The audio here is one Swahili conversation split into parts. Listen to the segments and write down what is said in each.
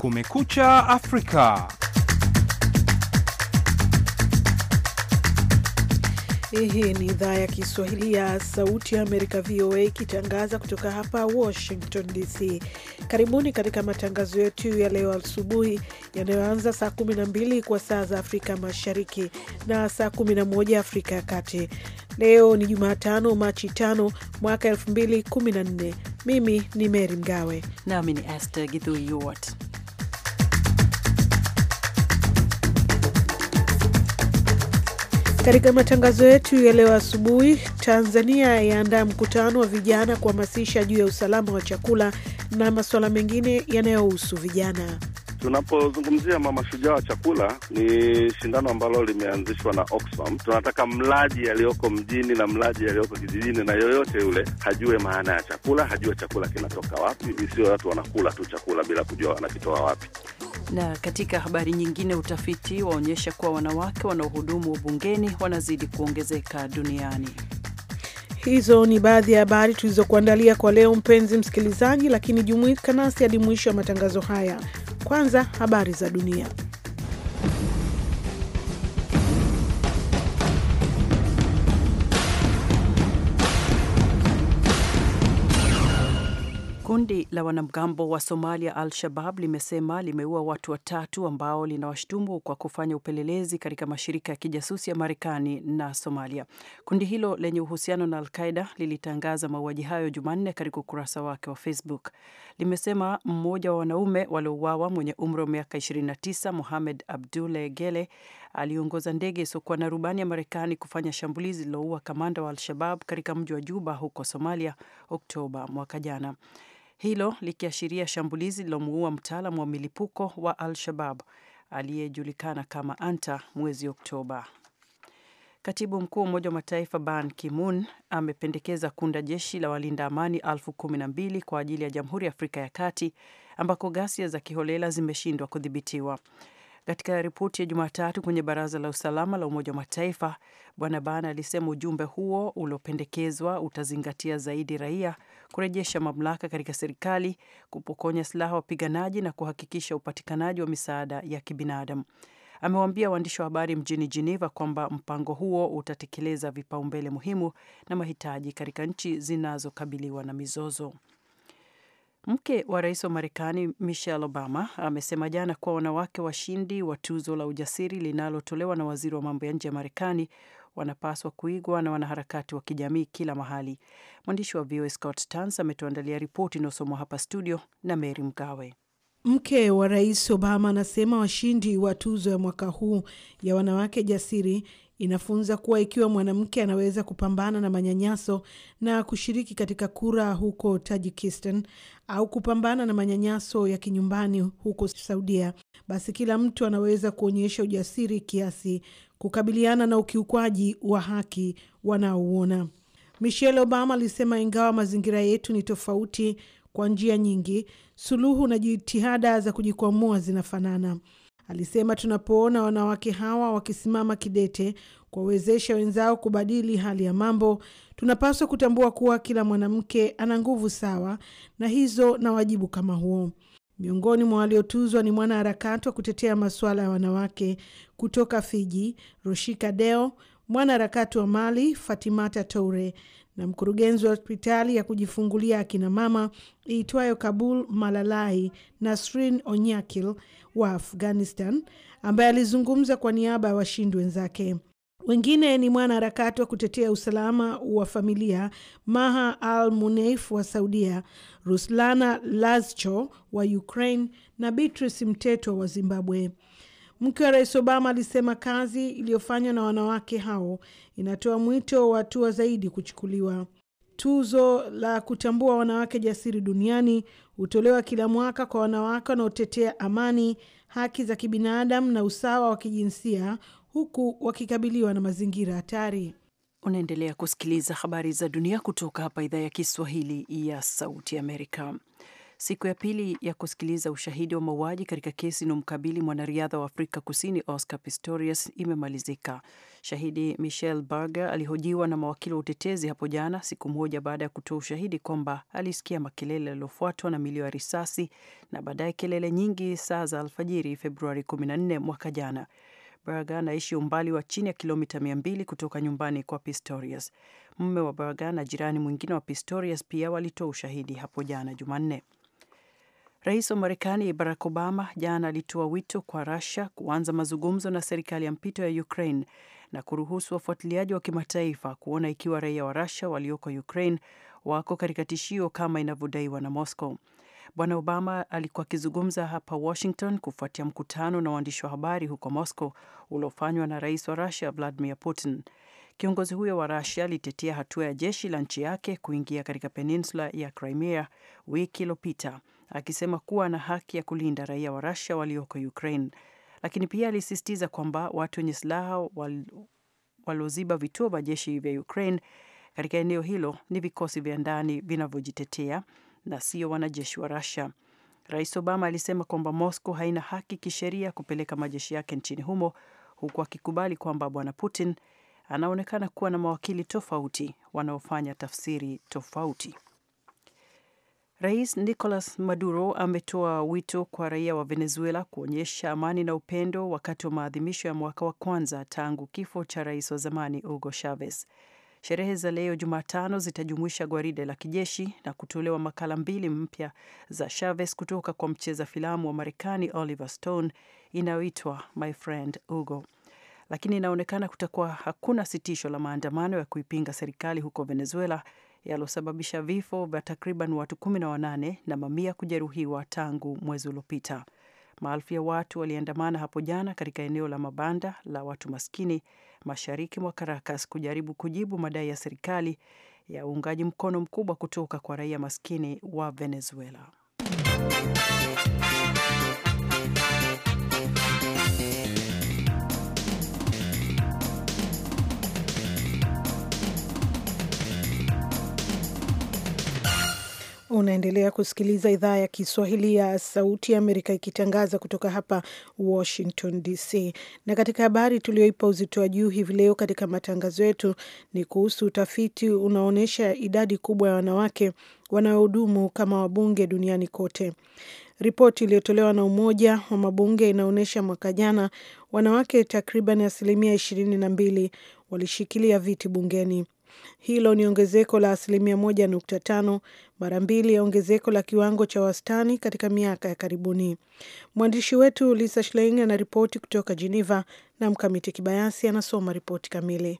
Kumekucha Afrika. Hii ni idhaa ya Kiswahili ya Sauti ya Amerika, VOA, ikitangaza kutoka hapa Washington DC. Karibuni katika matangazo yetu ya leo asubuhi yanayoanza saa 12 kwa saa za Afrika Mashariki na saa 11 Afrika ya Kati. Leo ni Jumatano, Machi 5 mwaka 2014. Mimi ni mery Mgawe nami ni Aster Githui Katika matangazo yetu ya leo asubuhi, Tanzania yaandaa mkutano wa vijana kuhamasisha juu ya usalama wa chakula na masuala mengine yanayohusu vijana. Tunapozungumzia mama shujaa wa chakula, ni shindano ambalo limeanzishwa na Oxfam. Tunataka mlaji yaliyoko mjini na mlaji yaliyoko kijijini na yoyote yule hajue maana ya chakula, hajue chakula kinatoka wapi, isiyo watu wanakula tu chakula bila kujua wanakitoa wapi. Na katika habari nyingine, utafiti waonyesha kuwa wanawake wanaohudumu bungeni wanazidi kuongezeka duniani. Hizo ni baadhi ya habari tulizokuandalia kwa leo, mpenzi msikilizaji, lakini jumuika nasi hadi mwisho wa matangazo haya. Kwanza habari za dunia. Kundi la wanamgambo wa Somalia Al-Shabab limesema limeua watu watatu ambao linawashtumu kwa kufanya upelelezi katika mashirika ya kijasusi ya Marekani na Somalia. Kundi hilo lenye uhusiano na Al-Qaida lilitangaza mauaji hayo Jumanne katika ukurasa wake wa Facebook. Limesema mmoja wa wanaume waliouawa mwenye umri wa miaka 29, Mohamed Abdule Gele, aliongoza ndege isiyokuwa na rubani ya Marekani kufanya shambulizi lililoua kamanda wa Al-Shabab katika mji wa Juba huko Somalia Oktoba mwaka jana hilo likiashiria shambulizi lilomuua mtaalam wa milipuko wa Al-Shabab aliyejulikana kama Anta mwezi Oktoba. Katibu mkuu wa Umoja wa Mataifa Ban Ki-moon amependekeza kunda jeshi la walinda amani elfu kumi na mbili kwa ajili ya Jamhuri ya Afrika ya Kati ambako ghasia za kiholela zimeshindwa kudhibitiwa. Katika ripoti ya Jumatatu kwenye Baraza la Usalama la Umoja wa Mataifa, Bwana Ban alisema ujumbe huo uliopendekezwa utazingatia zaidi raia kurejesha mamlaka katika serikali, kupokonya silaha wapiganaji na kuhakikisha upatikanaji wa misaada ya kibinadamu. Amewaambia waandishi wa habari mjini Geneva kwamba mpango huo utatekeleza vipaumbele muhimu na mahitaji katika nchi zinazokabiliwa na mizozo. Mke wa rais wa Marekani Michelle Obama amesema jana kuwa wanawake washindi wa tuzo la ujasiri linalotolewa na waziri wa mambo ya nje ya Marekani wanapaswa kuigwa na wanaharakati wa kijamii kila mahali. Mwandishi wa VOA Scott Tans ametuandalia ripoti inayosomwa hapa studio na Mary Mgawe. Mke wa Rais Obama anasema washindi wa tuzo ya mwaka huu ya wanawake jasiri inafunza kuwa ikiwa mwanamke anaweza kupambana na manyanyaso na kushiriki katika kura huko Tajikistan au kupambana na manyanyaso ya kinyumbani huko Saudia, basi kila mtu anaweza kuonyesha ujasiri kiasi kukabiliana na ukiukwaji wa haki wanaouona. Michelle Obama alisema ingawa mazingira yetu ni tofauti kwa njia nyingi, suluhu na jitihada za kujikwamua zinafanana. Alisema tunapoona wanawake hawa wakisimama kidete kuwawezesha wenzao kubadili hali ya mambo, tunapaswa kutambua kuwa kila mwanamke ana nguvu sawa na hizo na wajibu kama huo. Miongoni mwa waliotuzwa ni mwanaharakati wa kutetea masuala ya wanawake kutoka Fiji, Roshika Deo, mwanaharakati wa Mali, Fatimata Toure, na mkurugenzi wa hospitali ya kujifungulia akinamama iitwayo Kabul Malalai, Nasrin Onyakil wa Afghanistan, ambaye alizungumza kwa niaba ya washindi wenzake. Wengine ni mwanaharakati wa kutetea usalama wa familia Maha Al Muneif wa Saudia, Ruslana Lazcho wa Ukraine na Beatrice mteto wa Zimbabwe. Mke wa Rais Obama alisema kazi iliyofanywa na wanawake hao inatoa mwito wa hatua zaidi kuchukuliwa. Tuzo la kutambua wanawake jasiri duniani hutolewa kila mwaka kwa wanawake wanaotetea amani, haki za kibinadamu na usawa wa kijinsia huku wakikabiliwa na mazingira hatari. Unaendelea kusikiliza habari za dunia kutoka hapa idhaa ya Kiswahili ya Sauti Amerika. Siku ya pili ya kusikiliza ushahidi wa mauaji katika kesi inayomkabili mwanariadha wa Afrika Kusini Oscar Pistorius imemalizika. Shahidi Michelle Berger alihojiwa na mawakili wa utetezi hapo jana, siku moja baada ya kutoa ushahidi kwamba alisikia makelele yaliyofuatwa na milio ya risasi na baadaye kelele nyingi saa za alfajiri Februari 14 mwaka jana. Baragana anaishi umbali wa chini ya kilomita mia mbili kutoka nyumbani kwa Pistorius. Mume wa Baragana na jirani mwingine wa Pistorius pia walitoa ushahidi hapo jana Jumanne. Rais wa Marekani Barack Obama jana alitoa wito kwa rasia kuanza mazungumzo na serikali ya mpito ya Ukraine na kuruhusu wafuatiliaji wa kimataifa kuona ikiwa raia wa rasia walioko Ukraine wako katika tishio kama inavyodaiwa na Moscow. Bwana Obama alikuwa akizungumza hapa Washington kufuatia mkutano na waandishi wa habari huko Moscow uliofanywa na rais wa Rusia Vladimir Putin. Kiongozi huyo wa Rusia alitetea hatua ya jeshi la nchi yake kuingia katika peninsula ya Crimea wiki iliyopita, akisema kuwa ana haki ya kulinda raia wa rasia walioko Ukraine, lakini pia alisisitiza kwamba watu wenye silaha wal, walioziba vituo vya jeshi vya Ukraine katika eneo hilo ni vikosi vya ndani vinavyojitetea na sio wanajeshi wa Russia. Rais Obama alisema kwamba Moscow haina haki kisheria kupeleka majeshi yake nchini humo huku akikubali kwamba Bwana Putin anaonekana kuwa na mawakili tofauti wanaofanya tafsiri tofauti. Rais Nicolas Maduro ametoa wito kwa raia wa Venezuela kuonyesha amani na upendo wakati wa maadhimisho ya mwaka wa kwanza tangu kifo cha rais wa zamani Hugo Chavez. Sherehe za leo Jumatano zitajumuisha gwaride la kijeshi na kutolewa makala mbili mpya za Chavez kutoka kwa mcheza filamu wa Marekani Oliver Stone inayoitwa My Friend Hugo. Lakini inaonekana kutakuwa hakuna sitisho la maandamano ya kuipinga serikali huko Venezuela yaliosababisha vifo vya takriban watu kumi na mamia kujeruhiwa tangu mwezi uliopita. Maelfu ya watu waliandamana hapo jana katika eneo la mabanda la watu maskini mashariki mwa Caracas kujaribu kujibu madai ya serikali ya uungaji mkono mkubwa kutoka kwa raia maskini wa Venezuela. Unaendelea kusikiliza idhaa ya Kiswahili ya Sauti ya Amerika ikitangaza kutoka hapa Washington DC. Na katika habari tulioipa uzito wa juu hivi leo katika matangazo yetu ni kuhusu utafiti unaonyesha idadi kubwa ya wanawake wanaohudumu kama wabunge duniani kote. Ripoti iliyotolewa na Umoja wa Mabunge inaonyesha mwaka jana wanawake takriban asilimia ishirini na mbili walishikilia viti bungeni. Hilo ni ongezeko la asilimia moja nukta tano, mara mbili ya ongezeko la kiwango cha wastani katika miaka ya karibuni. Mwandishi wetu Lisa Schlein anaripoti kutoka Geneva na Mkamiti Kibayasi anasoma ripoti kamili.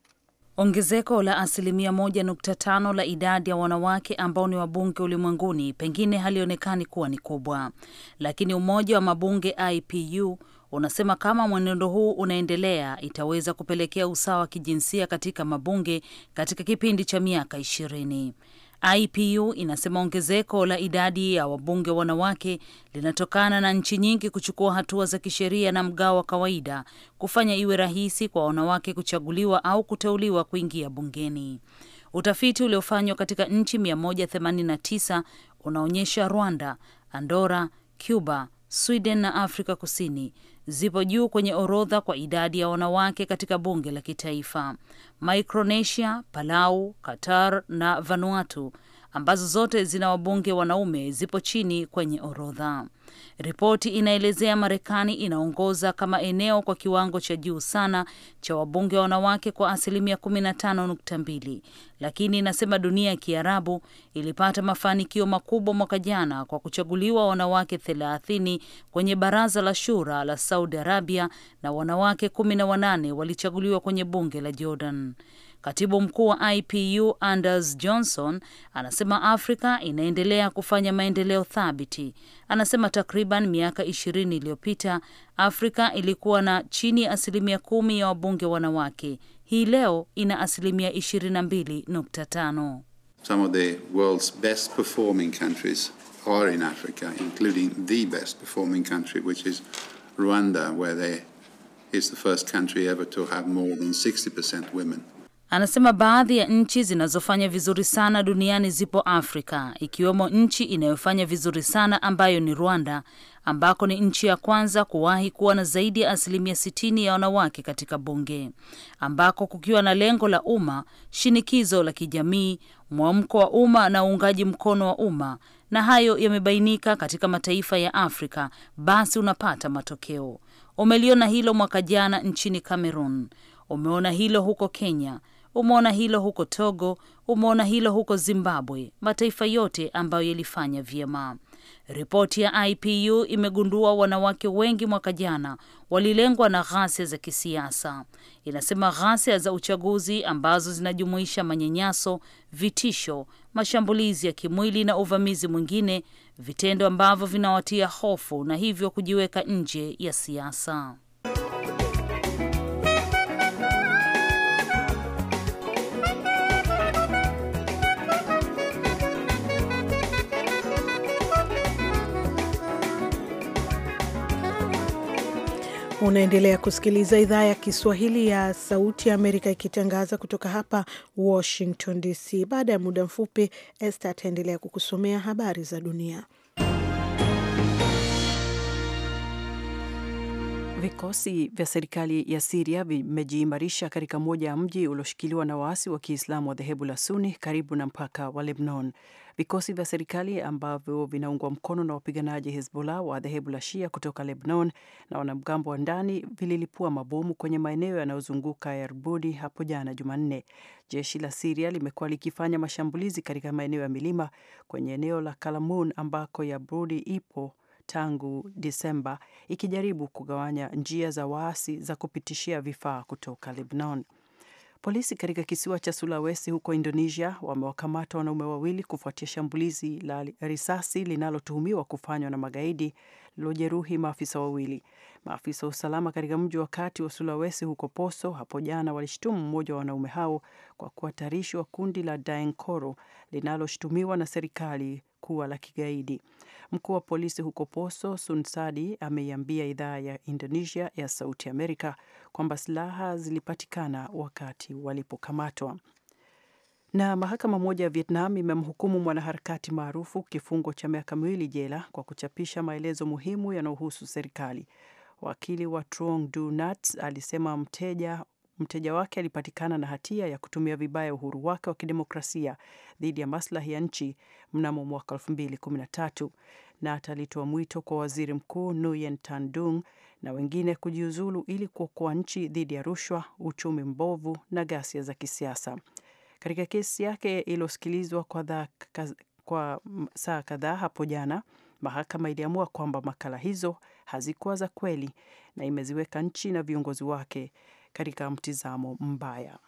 Ongezeko la asilimia moja nukta tano la idadi ya wanawake ambao ni wabunge ulimwenguni pengine halionekani kuwa ni kubwa, lakini umoja wa mabunge IPU Unasema kama mwenendo huu unaendelea itaweza kupelekea usawa wa kijinsia katika mabunge katika kipindi cha miaka ishirini. IPU inasema ongezeko la idadi ya wabunge wanawake linatokana na nchi nyingi kuchukua hatua za kisheria na mgao wa kawaida kufanya iwe rahisi kwa wanawake kuchaguliwa au kuteuliwa kuingia bungeni. Utafiti uliofanywa katika nchi 189 unaonyesha Rwanda, Andora, Cuba, Sweden na Afrika Kusini zipo juu kwenye orodha kwa idadi ya wanawake katika bunge la kitaifa. Micronesia, Palau, Qatar na Vanuatu ambazo zote zina wabunge wanaume zipo chini kwenye orodha. Ripoti inaelezea Marekani inaongoza kama eneo kwa kiwango cha juu sana cha wabunge wa wanawake kwa asilimia 15.2, lakini inasema dunia ya Kiarabu ilipata mafanikio makubwa mwaka jana kwa kuchaguliwa wanawake 30 kwenye baraza la shura la Saudi Arabia na wanawake 18 walichaguliwa kwenye bunge la Jordan. Katibu mkuu wa IPU Anders Johnson anasema Afrika inaendelea kufanya maendeleo thabiti. Anasema takriban miaka ishirini iliyopita Afrika ilikuwa na chini ya asilimia kumi ya wabunge wanawake. Hii leo ina asilimia 22.5. Some of the world's best performing countries are in Africa, including the best performing country, which is Rwanda, where they, the first country ever to have more than 60% women. Anasema baadhi ya nchi zinazofanya vizuri sana duniani zipo Afrika, ikiwemo nchi inayofanya vizuri sana ambayo ni Rwanda, ambako ni nchi ya kwanza kuwahi kuwa na zaidi ya asilimia 60 ya wanawake katika bunge, ambako kukiwa na lengo la umma, shinikizo la kijamii, mwamko wa umma na uungaji mkono wa umma, na hayo yamebainika katika mataifa ya Afrika, basi unapata matokeo. Umeliona hilo mwaka jana nchini Cameroon, umeona hilo huko Kenya Umeona hilo huko Togo, umeona hilo huko Zimbabwe, mataifa yote ambayo yalifanya vyema. Ripoti ya IPU imegundua wanawake wengi mwaka jana walilengwa na ghasia za kisiasa. Inasema ghasia za uchaguzi ambazo zinajumuisha manyanyaso, vitisho, mashambulizi ya kimwili na uvamizi mwingine, vitendo ambavyo vinawatia hofu na hivyo kujiweka nje ya siasa. Unaendelea kusikiliza idhaa ya Kiswahili ya Sauti ya Amerika ikitangaza kutoka hapa Washington DC. Baada ya muda mfupi, Esther ataendelea kukusomea habari za dunia. Vikosi vya serikali ya Siria vimejiimarisha katika moja ya mji ulioshikiliwa na waasi wa Kiislamu wa dhehebu la Suni karibu na mpaka wa Lebanon. Vikosi vya serikali ambavyo vinaungwa mkono na wapiganaji Hezbollah wa dhehebu la Shia kutoka Lebanon na wanamgambo wa ndani vililipua mabomu kwenye maeneo yanayozunguka Yarbudi hapo jana Jumanne. Jeshi la Siria limekuwa likifanya mashambulizi katika maeneo ya milima kwenye eneo la Kalamun ambako Yarbudi ipo tangu Disemba ikijaribu kugawanya njia za waasi za kupitishia vifaa kutoka Lebanon. Polisi katika kisiwa cha Sulawesi huko Indonesia wamewakamata wanaume wawili kufuatia shambulizi la risasi linalotuhumiwa kufanywa na magaidi lilojeruhi maafisa wawili. Maafisa wa usalama katika mji wa kati wa Sulawesi huko Poso hapo jana walishtumu mmoja wa wanaume hao kwa kuhatarishwa kundi la Daeng linaloshutumiwa na serikali kuwa la kigaidi. Mkuu wa polisi huko Poso, Sunsadi, ameiambia idhaa ya Indonesia ya Sauti Amerika kwamba silaha zilipatikana wakati walipokamatwa. Na mahakama moja ya Vietnam imemhukumu mwanaharakati maarufu kifungo cha miaka miwili jela kwa kuchapisha maelezo muhimu yanayohusu serikali. Wakili wa Truong Du Nat alisema mteja mteja wake alipatikana na hatia ya kutumia vibaya uhuru wake wa kidemokrasia dhidi ya maslahi ya nchi mnamo mwaka 2013 na atalitoa mwito kwa waziri mkuu Nguyen Tan Dung na wengine kujiuzulu ili kuokoa nchi dhidi ya rushwa, uchumi mbovu na ghasia za kisiasa. Katika kesi yake iliyosikilizwa kwa, kwa saa kadhaa hapo jana, mahakama iliamua kwamba makala hizo hazikuwa za kweli na imeziweka nchi na viongozi wake katika mtizamo mbaya.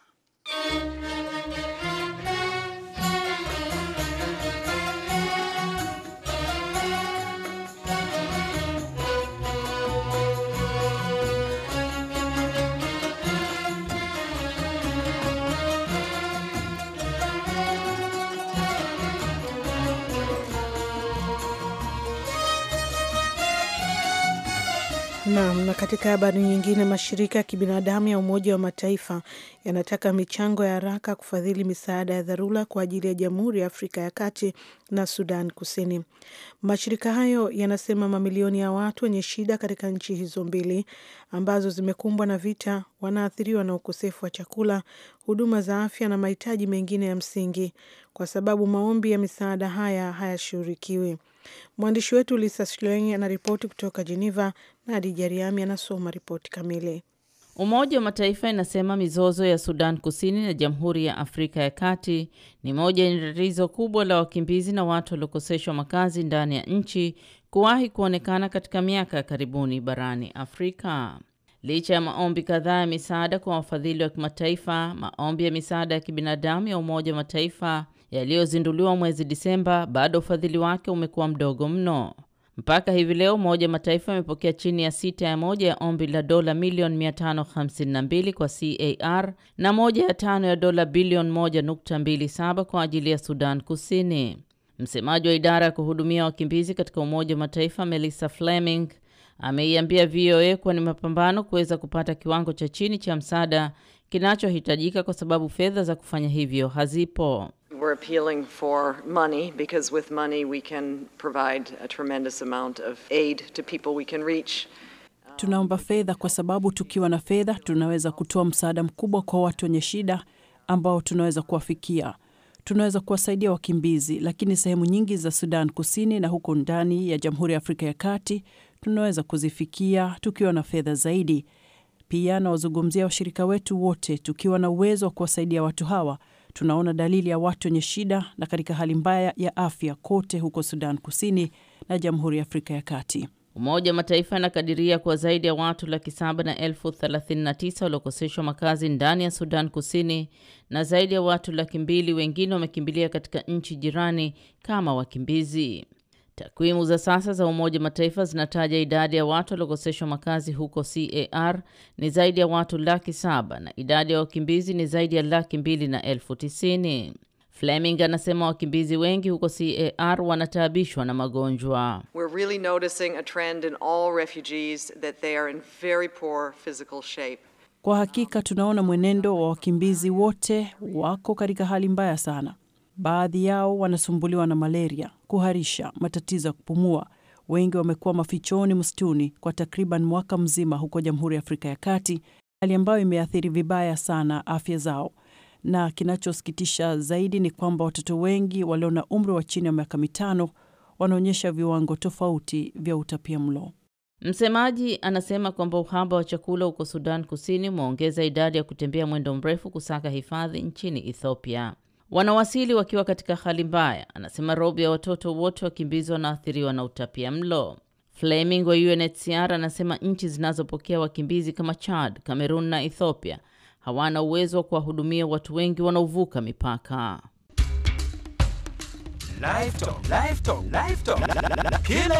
Naam. Na katika habari nyingine, mashirika ya kibinadamu ya Umoja wa Mataifa yanataka michango ya haraka kufadhili misaada ya dharura kwa ajili ya Jamhuri ya Afrika ya Kati na Sudan Kusini. Mashirika hayo yanasema mamilioni ya watu wenye shida katika nchi hizo mbili ambazo zimekumbwa na vita wanaathiriwa na ukosefu wa chakula, huduma za afya na mahitaji mengine ya msingi, kwa sababu maombi ya misaada haya hayashughulikiwi. Mwandishi wetu Lisa Schlein anaripoti kutoka Jeneva na Adi Jariami anasoma ripoti kamili. Umoja wa Mataifa inasema mizozo ya Sudan Kusini na Jamhuri ya Afrika ya Kati ni moja ya tatizo kubwa la wakimbizi na watu waliokoseshwa makazi ndani ya nchi kuwahi kuonekana katika miaka ya karibuni barani Afrika. Licha ya maombi kadhaa ya misaada kwa wafadhili wa kimataifa, maombi ya misaada ya kibinadamu ya Umoja wa Mataifa yaliyozinduliwa mwezi Disemba, bado ufadhili wake umekuwa mdogo mno. Mpaka hivi leo Umoja wa Mataifa amepokea chini ya sita ya moja ya ombi la dola milioni 552 kwa CAR na moja ya tano ya dola bilioni 1.27 kwa ajili ya Sudan Kusini. Msemaji wa idara ya kuhudumia wakimbizi katika Umoja wa Mataifa Melissa Fleming ameiambia VOA kuwa ni mapambano kuweza kupata kiwango cha chini cha msaada kinachohitajika kwa sababu fedha za kufanya hivyo hazipo we're appealing for money because with money we can provide a tremendous amount of aid to people we can reach. Tunaomba fedha kwa sababu tukiwa na fedha tunaweza kutoa msaada mkubwa kwa watu wenye shida ambao tunaweza kuwafikia. Tunaweza kuwasaidia wakimbizi, lakini sehemu nyingi za Sudan Kusini na huko ndani ya Jamhuri ya Afrika ya Kati tunaweza kuzifikia tukiwa na fedha zaidi. Pia nawazungumzia washirika wetu wote, tukiwa na uwezo wa kuwasaidia watu hawa Tunaona dalili ya watu wenye shida na katika hali mbaya ya afya kote huko Sudan Kusini na Jamhuri ya Afrika ya Kati. Umoja wa Mataifa anakadiria kuwa zaidi ya watu laki saba na elfu thelathini na tisa waliokoseshwa makazi ndani ya Sudan Kusini na zaidi ya watu laki mbili wengine wamekimbilia katika nchi jirani kama wakimbizi. Takwimu za sasa za Umoja Mataifa zinataja idadi ya watu waliokoseshwa makazi huko CAR ni zaidi ya watu laki saba na idadi ya wakimbizi ni zaidi ya laki mbili na elfu tisini. Fleming anasema wakimbizi wengi huko CAR wanataabishwa na magonjwa. We're really noticing a trend in all refugees that they are in very poor physical shape. Kwa hakika tunaona mwenendo wa wakimbizi wote wako katika hali mbaya sana. Baadhi yao wanasumbuliwa na malaria, kuharisha, matatizo ya kupumua. Wengi wamekuwa mafichoni msituni kwa takriban mwaka mzima huko Jamhuri ya Afrika ya Kati, hali ambayo imeathiri vibaya sana afya zao. Na kinachosikitisha zaidi ni kwamba watoto wengi walio na umri wa chini ya miaka mitano wanaonyesha viwango tofauti vya utapia mlo Msemaji anasema kwamba uhaba wa chakula huko Sudan Kusini umeongeza idadi ya kutembea mwendo mrefu kusaka hifadhi nchini Ethiopia wanawasili wakiwa katika hali mbaya. Anasema robo ya watoto wote wakimbizi wanaathiriwa na utapia mlo. Fleming wa UNHCR anasema nchi zinazopokea wakimbizi kama Chad, Cameroon na Ethiopia hawana uwezo wa kuwahudumia watu wengi wanaovuka mipaka. Kila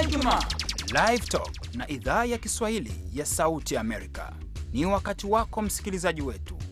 Ijumaa Live Talk na idhaa ya Kiswahili ya Sauti Amerika, ni wakati wako msikilizaji wetu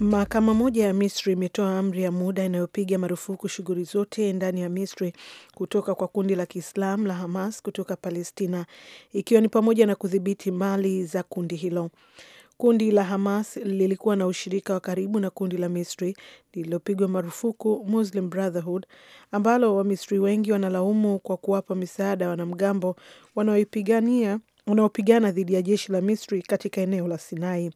Mahakama moja ya Misri imetoa amri ya muda inayopiga marufuku shughuli zote ndani ya Misri kutoka kwa kundi la Kiislam la Hamas kutoka Palestina, ikiwa ni pamoja na kudhibiti mali za kundi hilo. Kundi la Hamas lilikuwa na ushirika wa karibu na kundi la Misri lililopigwa marufuku Muslim Brotherhood, ambalo Wamisri wengi wanalaumu kwa kuwapa misaada wanamgambo wanaoipigania unaopigana dhidi ya jeshi la Misri katika eneo la Sinai.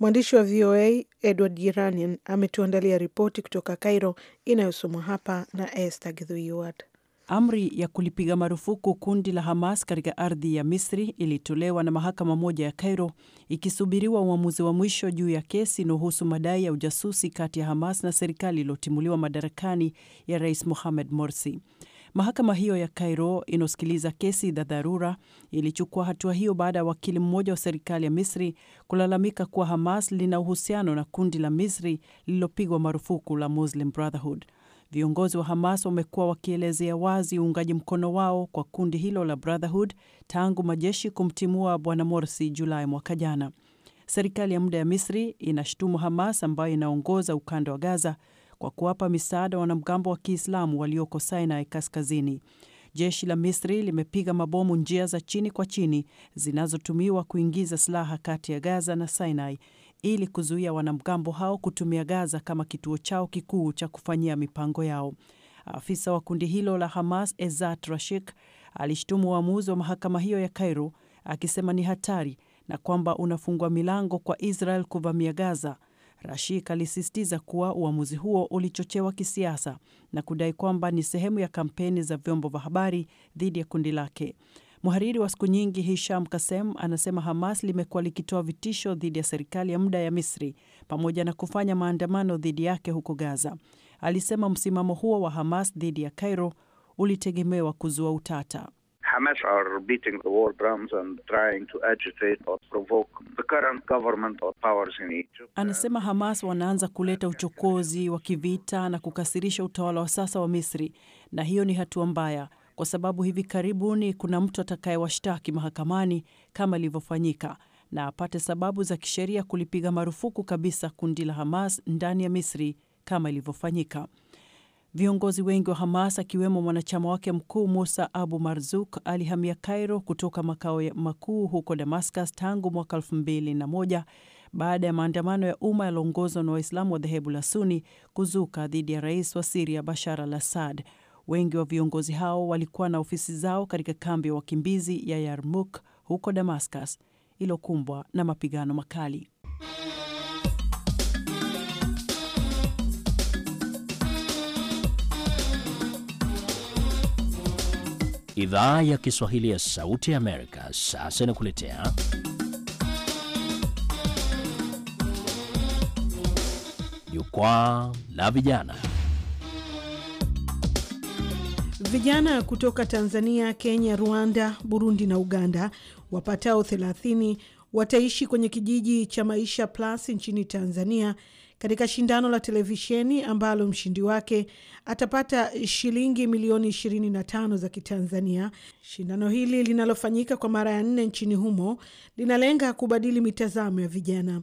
Mwandishi wa VOA Edward Jiranian ametuandalia ripoti kutoka Cairo inayosomwa hapa na Esther Githuiwat. Amri ya kulipiga marufuku kundi la Hamas katika ardhi ya Misri ilitolewa na mahakama moja ya Cairo ikisubiriwa uamuzi wa mwisho juu ya kesi inayohusu madai ya ujasusi kati ya Hamas na serikali iliyotimuliwa madarakani ya Rais Mohamed Morsi. Mahakama hiyo ya Cairo inayosikiliza kesi za dharura ilichukua hatua hiyo baada ya wakili mmoja wa serikali ya Misri kulalamika kuwa Hamas lina uhusiano na kundi la Misri lililopigwa marufuku la Muslim Brotherhood. Viongozi wa Hamas wamekuwa wakielezea wazi uungaji mkono wao kwa kundi hilo la Brotherhood tangu majeshi kumtimua bwana Morsi Julai mwaka jana. Serikali ya muda ya Misri inashutumu Hamas ambayo inaongoza ukanda wa Gaza kwa kuwapa misaada wanamgambo wa Kiislamu walioko Sinai Kaskazini. Jeshi la Misri limepiga mabomu njia za chini kwa chini zinazotumiwa kuingiza silaha kati ya Gaza na Sinai ili kuzuia wanamgambo hao kutumia Gaza kama kituo chao kikuu cha kufanyia mipango yao. Afisa wa kundi hilo la Hamas Ezat Rashik alishtumu uamuzi wa mahakama hiyo ya kairo akisema ni hatari na kwamba unafungua milango kwa Israel kuvamia Gaza Rashik alisisitiza kuwa uamuzi huo ulichochewa kisiasa na kudai kwamba ni sehemu ya kampeni za vyombo vya habari dhidi ya kundi lake. Mhariri wa siku nyingi Hisham Kasem anasema Hamas limekuwa likitoa vitisho dhidi ya serikali ya muda ya Misri pamoja na kufanya maandamano dhidi yake huko Gaza. Alisema msimamo huo wa Hamas dhidi ya Cairo ulitegemewa kuzua utata. Hamas are beating the war drums and trying to agitate or provoke current government or powers in Egypt. Uh, Anasema Hamas wanaanza kuleta uchokozi wa kivita na kukasirisha utawala wa sasa wa Misri, na hiyo ni hatua mbaya kwa sababu hivi karibuni kuna mtu atakayewashtaki mahakamani kama ilivyofanyika na apate sababu za kisheria kulipiga marufuku kabisa kundi la Hamas ndani ya Misri kama ilivyofanyika. Viongozi wengi wa Hamas akiwemo mwanachama wake mkuu Musa Abu Marzuk alihamia Cairo kutoka makao makuu huko Damascus tangu mwaka 2001 baada ya maandamano ya umma yaliongozwa na Waislamu wa dhehebu la Suni kuzuka dhidi ya rais wa Siria Bashar al Assad. Wengi wa viongozi hao walikuwa na ofisi zao katika kambi ya wakimbizi ya Yarmuk huko Damascus iliyokumbwa na mapigano makali. Idhaa ya Kiswahili ya Sauti ya Amerika sasa inakuletea Jukwaa la Vijana. Vijana kutoka Tanzania, Kenya, Rwanda, Burundi na Uganda wapatao 30 wataishi kwenye kijiji cha Maisha Plus nchini Tanzania katika shindano la televisheni ambalo mshindi wake atapata shilingi milioni 25 za Kitanzania. Shindano hili linalofanyika kwa mara ya nne nchini humo linalenga kubadili mitazamo ya vijana.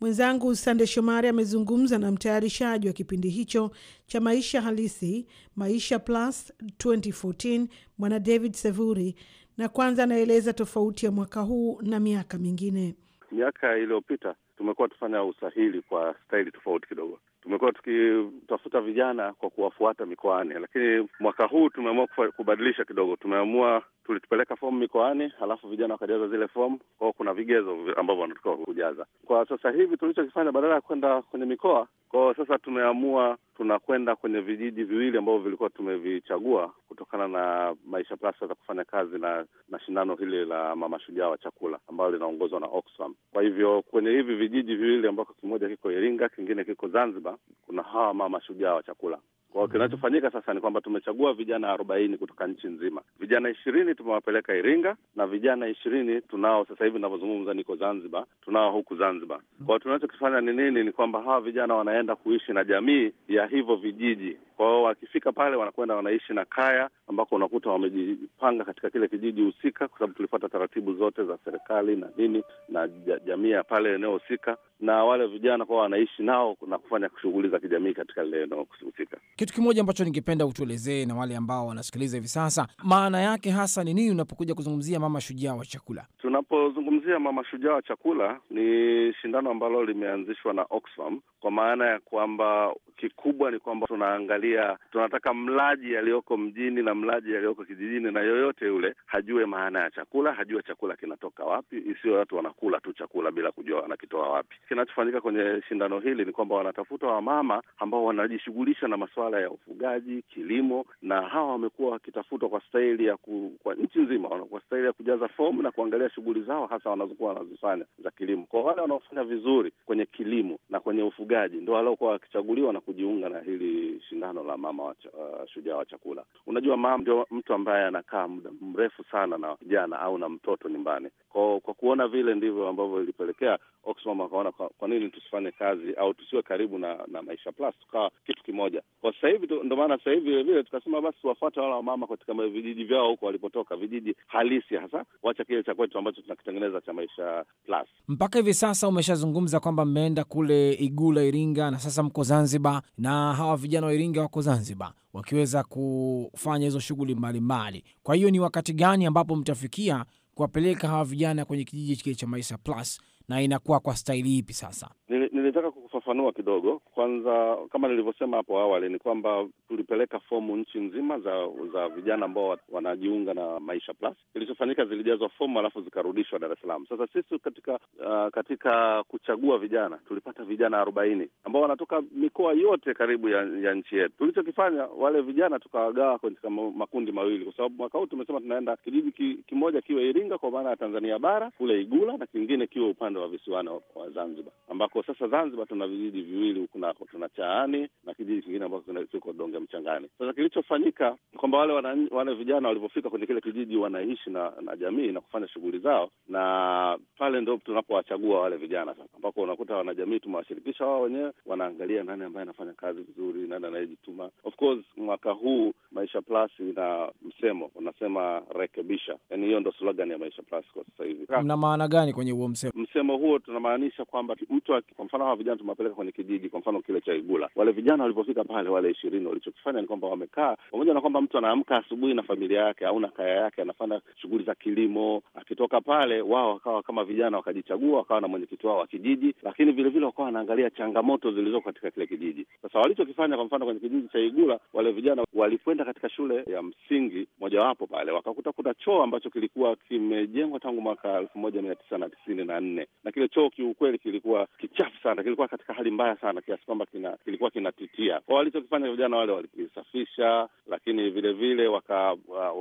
Mwenzangu Sande Shomari amezungumza na mtayarishaji wa kipindi hicho cha Maisha Halisi, Maisha Plus 2014 Bwana David Sevuri, na kwanza anaeleza tofauti ya mwaka huu na miaka mingine. Miaka iliyopita tumekuwa tufanya usahili kwa staili tofauti kidogo. Tumekuwa tukitafuta vijana kwa kuwafuata mikoani, lakini mwaka huu tumeamua kubadilisha kidogo. Tumeamua tulipeleka fomu mikoani, alafu vijana wakajaza zile fomu kwao. Kuna vigezo ambavyo wanatakiwa kujaza. Kwa sasa hivi tulichokifanya, badala ya kwenda kwenye mikoa kwao, sasa tumeamua tunakwenda kwenye vijiji viwili ambavyo vilikuwa tumevichagua kutokana na maisha plasa za kufanya kazi na, na shindano hili la mama shujaa wa chakula ambalo linaongozwa na Oxfam. Kwa hivyo kwenye hivi vijiji viwili ambako kimoja kiko Iringa, kingine kiko Zanzibar, kuna hawa mama shujaa wa chakula kwa hiyo kinachofanyika sasa ni kwamba tumechagua vijana arobaini kutoka nchi nzima. Vijana ishirini tumewapeleka Iringa na vijana ishirini tunao sasa hivi ninavyozungumza, niko Zanzibar, tunao huku Zanzibar. Kwa tunachokifanya ni nini? Ni kwamba hawa vijana wanaenda kuishi na jamii ya hivyo vijiji kwa hiyo wakifika pale wanakwenda wanaishi na kaya, ambako unakuta wamejipanga katika kile kijiji husika, kwa sababu tulifuata taratibu zote za serikali na nini na jamii ya pale eneo husika, na wale vijana kwao wanaishi nao na kufanya shughuli za kijamii katika lile eneo husika. Kitu kimoja ambacho ningependa utuelezee na wale ambao wanasikiliza hivi sasa, maana yake hasa ni nini unapokuja kuzungumzia mama shujaa wa chakula? Tunapozungumzia Tunapozungumzia mama shujaa wa chakula, ni shindano ambalo limeanzishwa na Oxfam, kwa maana ya kwamba kikubwa ni kwamba tunaangalia, tunataka mlaji aliyoko mjini na mlaji aliyoko kijijini na yoyote yule hajue maana ya chakula, hajue chakula kinatoka wapi, isiyo watu wanakula tu chakula bila kujua wanakitoa wapi. Kinachofanyika kwenye shindano hili ni kwamba wanatafuta wamama ambao wanajishughulisha na masuala ya ufugaji, kilimo, na hawa wamekuwa wakitafutwa kwa staili ya ku, kwa nchi nzima, kwa staili ya kujaza fomu na kuangalia shughuli zao hasa wanazokuwa wanazifanya za kilimo. Kwa wale wanaofanya vizuri kwenye kilimo na kwenye ufugaji ndo waliokuwa wakichaguliwa na kujiunga na hili shindano la mama wa uh, shujaa wa chakula. Unajua, mama ndio mtu ambaye anakaa muda mrefu sana na kijana au na mtoto nyumbani. Kwa, kwa kuona vile ndivyo ambavyo ilipelekea Oxfam akaona kwa, kwa nini tusifanye kazi au tusiwe karibu na, na Maisha Plus tukawa kitu kimoja. Kwa sasa hivi ndo maana sasa hivi vilevile tukasema basi tuwafuate wala wamama katika vijiji vyao huko walipotoka, vijiji halisi hasa, wacha kile cha kwetu ambacho tunakitengeneza cha Maisha Plus. Mpaka hivi sasa umeshazungumza kwamba mmeenda kule Igula, Iringa, na sasa mko Zanzibar, na hawa vijana wa Iringa wako Zanzibar wakiweza kufanya hizo shughuli mbalimbali. Kwa hiyo ni wakati gani ambapo mtafikia kuwapeleka hawa vijana kwenye kijiji kile cha Maisha Plus na inakuwa kwa staili ipi sasa? Nilitaka kukufafanua kidogo. Kwanza, kama nilivyosema hapo awali, ni kwamba tulipeleka fomu nchi nzima za za vijana ambao wanajiunga na Maisha Plus. Kilichofanyika, zilijazwa fomu alafu zikarudishwa Dar es Salaam. Sasa sisi katika uh, katika kuchagua vijana tulipata vijana arobaini ambao wanatoka mikoa yote karibu ya, ya nchi yetu. Tulichokifanya, wale vijana tukawagawa katika makundi mawili, kwa sababu mwaka huu tumesema tunaenda kijiji ki, kimoja kiwe Iringa kwa maana ya Tanzania bara kule Igula, na kingine kiwe upande wa visiwani wa Zanzibar ambako kwa sasa Zanzibar tuna vijiji viwili huku nako, tuna Chaani na kijiji kingine ambacho kiko Donge Mchangani. Sasa kilichofanyika kwamba wale wana, wale vijana walivyofika kwenye kile kijiji wanaishi na, na jamii na kufanya shughuli zao, na pale ndo tunapowachagua wale vijana sasa, ambako unakuta wanajamii tumewashirikisha wao wenyewe, wanaangalia nani ambaye anafanya kazi vizuri, nani anayejituma. Of course mwaka huu Maisha Plus ina msemo unasema rekebisha, yani hiyo ndo slogan ya Maisha Plus kwa sasa hivi. Mna maana gani kwenye huo msemo? Msemo huo tunamaanisha kwamba mtu kwa mfano hawa vijana tumewapeleka kwenye kijiji, kwa mfano kile cha Igula. Wale vijana walipofika pale, wale ishirini, walichokifanya ni kwamba wamekaa pamoja na kwamba mtu anaamka asubuhi na familia yake au na kaya yake, anafanya shughuli za kilimo. Akitoka pale, wao wakawa kama vijana wakajichagua, wakawa na mwenyekiti wao wa kijiji, lakini vilevile wakawa wanaangalia changamoto zilizoko katika kile kijiji. Sasa walichokifanya, kwa mfano kwenye kijiji cha Igula, wale vijana walikwenda katika shule ya msingi mojawapo pale, wakakuta kuna choo ambacho kilikuwa kimejengwa tangu mwaka elfu moja mia tisa na tisini na nne na kile choo kiukweli kilikuwa chafu sana, kilikuwa katika hali mbaya sana kiasi kwamba kina, kilikuwa kinatitia Kwa Walichokifanya vijana wale walikisafisha, lakini vile vile waka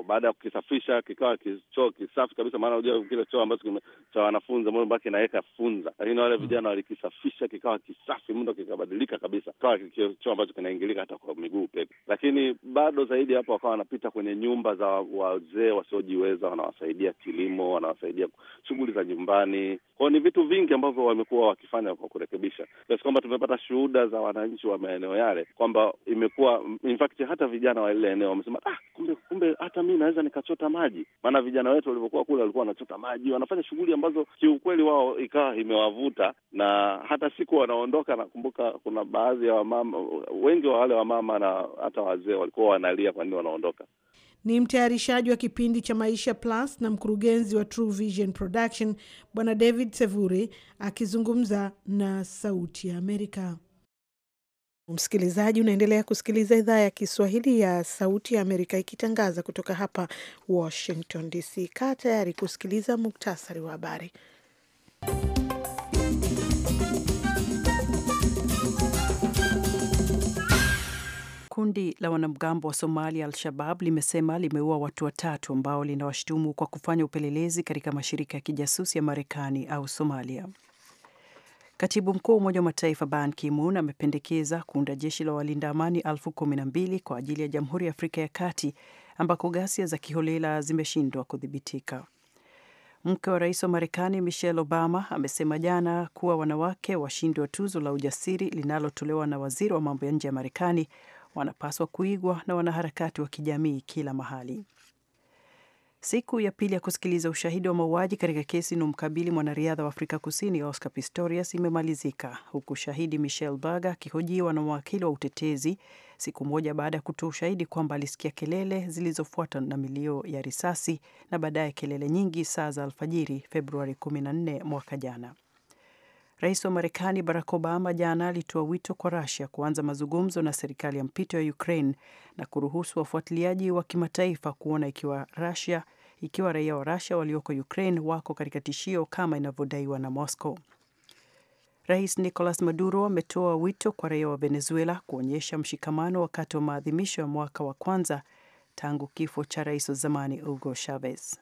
baada ya kukisafisha kikawa choo kisafi kabisa, maana unajua kile choo ambacho cha wanafunzi ambao mbaki naweka funza, lakini wale mm. vijana walikisafisha kikawa kisafi mundo kikabadilika kabisa, kawa choo ambacho kinaingilika hata kwa miguu pepe. Lakini bado zaidi hapo wakawa wanapita kwenye nyumba za wazee wasiojiweza, wanawasaidia kilimo, wanawasaidia shughuli za nyumbani kwao. Ni vitu vingi ambavyo wamekuwa wakifanya kwa kurekebisha, kiasi kwamba tumepata shuhuda za wananchi wa maeneo yale kwamba imekuwa in fact, hata vijana wa lile eneo wamesema ah, kumbe kumbe hata mi naweza nikachota maji. Maana vijana wetu walivyokuwa kule walikuwa wanachota maji, wanafanya shughuli ambazo kiukweli wao ikawa imewavuta, na hata siku wanaondoka, nakumbuka kuna baadhi ya wamama wengi wa wale wamama na hata wazee walikuwa wanalia kwa nini wanaondoka, ni mtayarishaji wa kipindi cha Maisha Plus na mkurugenzi wa True Vision Production, Bwana David Sevuri akizungumza na Sauti ya Amerika. Msikilizaji, unaendelea kusikiliza idhaa ya Kiswahili ya Sauti ya Amerika ikitangaza kutoka hapa Washington DC. Kaa tayari kusikiliza muktasari wa habari. Kundi la wanamgambo wa Somalia Al-Shabab limesema limeua watu watatu ambao linawashutumu kwa kufanya upelelezi katika mashirika ya kijasusi ya Marekani au Somalia. Katibu mkuu wa Umoja wa Mataifa Ban Ki-moon amependekeza kuunda jeshi la walinda amani elfu kumi na mbili kwa ajili ya Jamhuri ya Afrika ya Kati ambako ghasia za kiholela zimeshindwa kudhibitika. Mke wa rais wa Marekani Michelle Obama amesema jana kuwa wanawake washindi wa tuzo la ujasiri linalotolewa na waziri wa mambo ya nje ya Marekani wanapaswa kuigwa na wanaharakati wa kijamii kila mahali. Siku ya pili ya kusikiliza ushahidi wa mauaji katika kesi inayomkabili mwanariadha wa Afrika Kusini Oscar Pistorius imemalizika huku shahidi Michelle Berger akihojiwa na mwakili wa utetezi siku moja baada ya kutoa ushahidi kwamba alisikia kelele zilizofuatwa na milio ya risasi na baadaye kelele nyingi saa za alfajiri Februari 14 mwaka jana. Rais wa Marekani Barack Obama jana alitoa wito kwa rasia kuanza mazungumzo na serikali ya mpito ya Ukraine na kuruhusu wafuatiliaji wa kimataifa kuona ikiwa Russia, ikiwa raia wa rasia walioko Ukraine wako katika tishio kama inavyodaiwa na Moscow. Rais Nicolas Maduro ametoa wito kwa raia wa Venezuela kuonyesha mshikamano wakati wa maadhimisho ya mwaka wa kwanza tangu kifo cha rais wa zamani Hugo Chavez.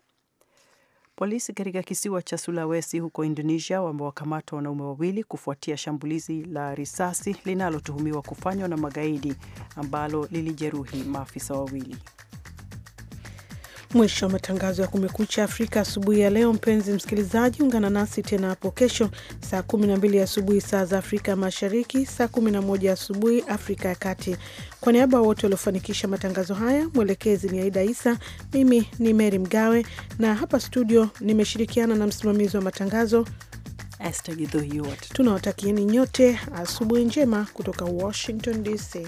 Polisi katika kisiwa cha Sulawesi huko Indonesia wamewakamata wanaume wawili kufuatia shambulizi la risasi linalotuhumiwa kufanywa na magaidi ambalo lilijeruhi maafisa wawili. Mwisho wa matangazo ya Kumekucha Afrika asubuhi ya leo. Mpenzi msikilizaji, ungana nasi tena hapo kesho saa 12 asubuhi saa za Afrika Mashariki, saa 11 asubuhi Afrika ya Kati. Kwa niaba ya wote waliofanikisha matangazo haya, mwelekezi ni Aida Isa, mimi ni Meri Mgawe na hapa studio nimeshirikiana na msimamizi wa matangazo Tunawatakieni nyote asubuhi njema kutoka Washington DC.